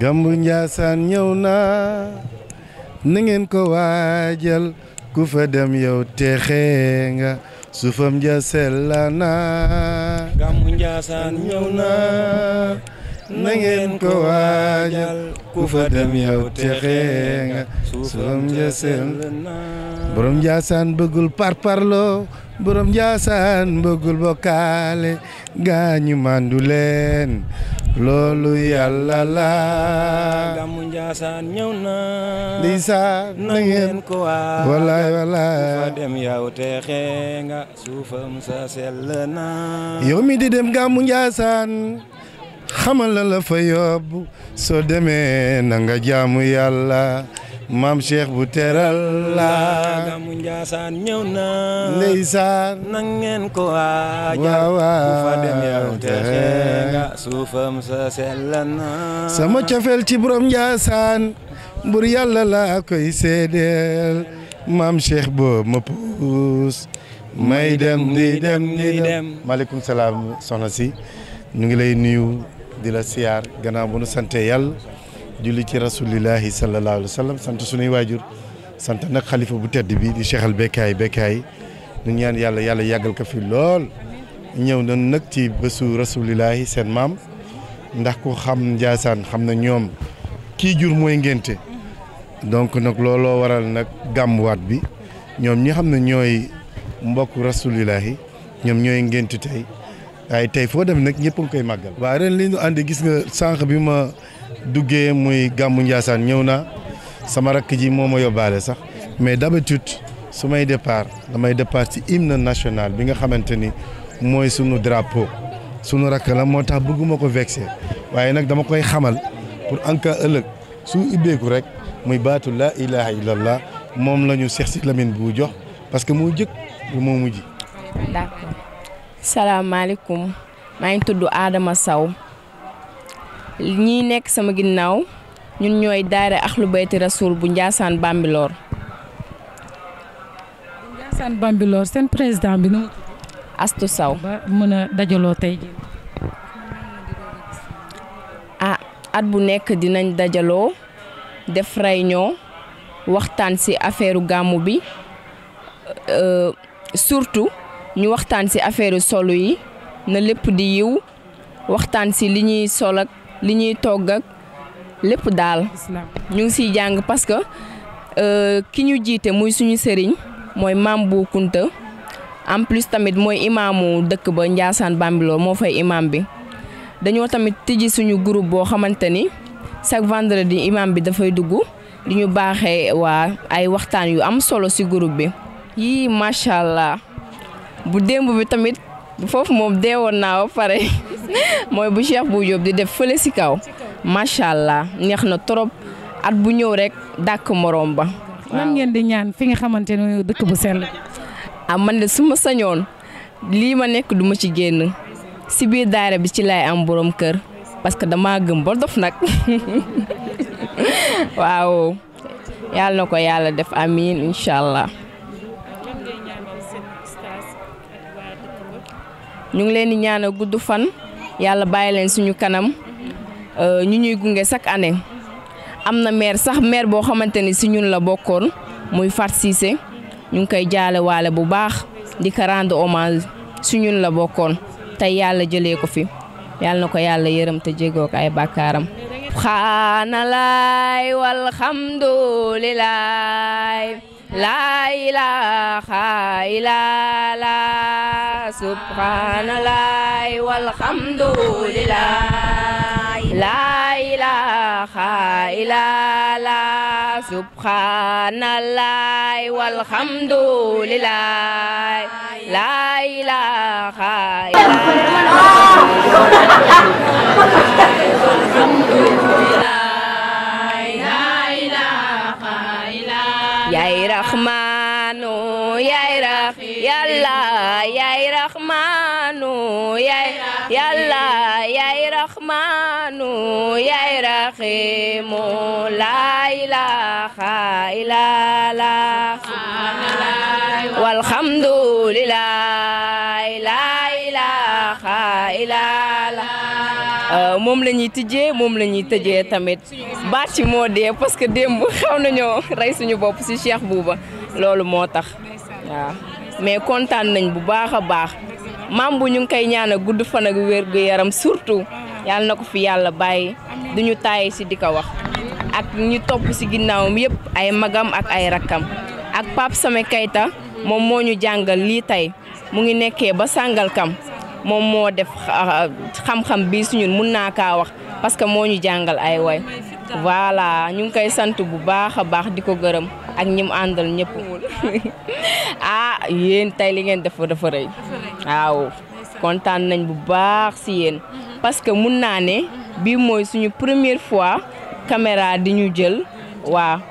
Gambu Njaasaan ñëw na na ko waajal ku fa dem yow texe nga suufam ja sella na Gambu Njaasaan ñëw na na ngeen ko waajal ku fa dem nga suufam loolu yàlla la gàmmu njaasaan ñëw na di saa na ngeen ko waa walaay walaay fa dem yaw teexe nga suufam sa sell na yow mi di dem gàmmu njaasaan xamal la fa yóbbu soo demee na nga jaamu yàlla maam Cheikh bu teral ñëw na ndeysaan na ngeen ko waajal sama cofeel ci borom Njaasaan bur yàlla laa koy seedeel maam Cheikh boobu ma puus may dem di maaleykum salaam soxna si ñu ngi lay nuyu di la siyaar gannaaw bu nu sante yàlla julli ci rasulillahi sallallahu alayhi wa sallam sant sunuy waajur sant nag xalifa bu tedd bi di seexal al Bekkaay Bekkaay ñu ñaan yàlla yàlla yàggal ko fi lool ñëw na nag ci bésu rasulillahi seen maam ndax ku xam Njaasaan xam na ñoom kii jur mooy ngénte donc nag looloo waral nag gàmmuwaat bi ñoom ñi xam na ñooy mbokk rasulillahi ñoom ñooy ngénte tey waaye tey foo dem nag ñëpp ngi koy màggal. waaw ren li ñu gis nga sànq bi ma duggee muy gàmmu Ndiassane ñëw na sama rakk ji moo ma yóbbaale sax mais d'habitude su may départ damay départ si hymne national bi nga xamante ni mooy sunu drapo sunu rakk la moo tax bëgguma ko vexé waaye nag dama koy xamal pour en cas ëllëg su ibbeeku rek muy baatu laa ilaha illallah moom la ñu Seex Si Lamin bu jox parce que moo jëkk mu moo mujj salaamaaleykum maa ngi tudd aadama Sow ñii nekk sama ginnaaw ñun ñooy daayira Axlu Bayti Rasoul bu Ndiassane Bambilor. bu seen président bi nu Astu Sow ba mën a dajaloo tey jii. Ah, at bu nekk dinañ dajaloo def réunion waxtaan ci affaire gàmmu bi euh, surtout. ñu waxtaan ci affaire solu yi na lépp di yiw waxtaan ci li ñuy sol ak li ñuy togg ak lépp daal ñu ngi ciy jàng parce que euh, ki ñu jiite muy suñu sëriñ mooy maam bu Kunta en plus tamit mooy imaamu dëkk ba Ndiassane Bambilor moo fay imaam bi dañoo tamit tijji suñu groupe boo xamante ni chaque vendredi imaam bi dafay dugg di ñu baaxee waa ay waxtaan yu am solo ci groupe bi yii macha allah. bu démb bi tamit foofu moom deewoon naa ba pare mooy bu Cheikh Bou Diop di def fële kaw trop at bu ñëw rek dàkk morom ba. nan ngeen di ñaan fi nga xamante ne dëkk bu sell. ah man de su ma sañoon lii ma nekk du ci biir daara bi ci am borom parce que gëm dof nak waaw yàlla na ko def ñu ngi leen di ñaan a gudd fan yàlla bàyyi leen suñu kanam euh, ñu ñuy gunge chaque année am na maire sax maire boo xamante ni si ñun la bokkoon muy Fat ñu ngi koy jaale waale bu baax di ko rendre hommage ñun la bokkoon tey yàlla jëlee ko fi yàlla na ko yàlla yërëm te jégoo ko ay bàkkaaram xaana laay walhamdulilaay laa ilaaha illallaah subhanallah walhamdulillah la ilaha illallah subhanallah walhamdulillah la ilaha illallah raxmaanu yaay yàlla yaay euh, moom la ñuy tijjee moom la ñuy tëjee tamit baat yi moo dee parce que démb xaw nañoo rey suñu bopp si Cheikh Bouba loolu moo tax waaw mais kontaan nañ bu baax baax maam bu ñu ngi koy ñaan gudd fan ak wér gu yaram surtout yàlla na ko fi yàlla bàyyi duñu tàyyi si di ko wax ak ñu topp si ginnaawam yëpp ay magam ak ay rakkam ak Pape sama Keita moom moo ñu jàngal lii tey mu ngi nekkee ba sàngal Sangalkam moom moo def ah, xam-xam bii si mun naa kaa wax parce que moo ñu jàngal ay woy voilà ñu ngi koy sant bu baax a baax di ko gërëm ak ñi mu àndal ñëpp ah yéen tey li ngeen def dafa rëy waaw kontaan nañ bu baax si yéen mhm. parce que mun naa ne mhm. bii mooy suñu première fois caméra di ñu jël mhm. waa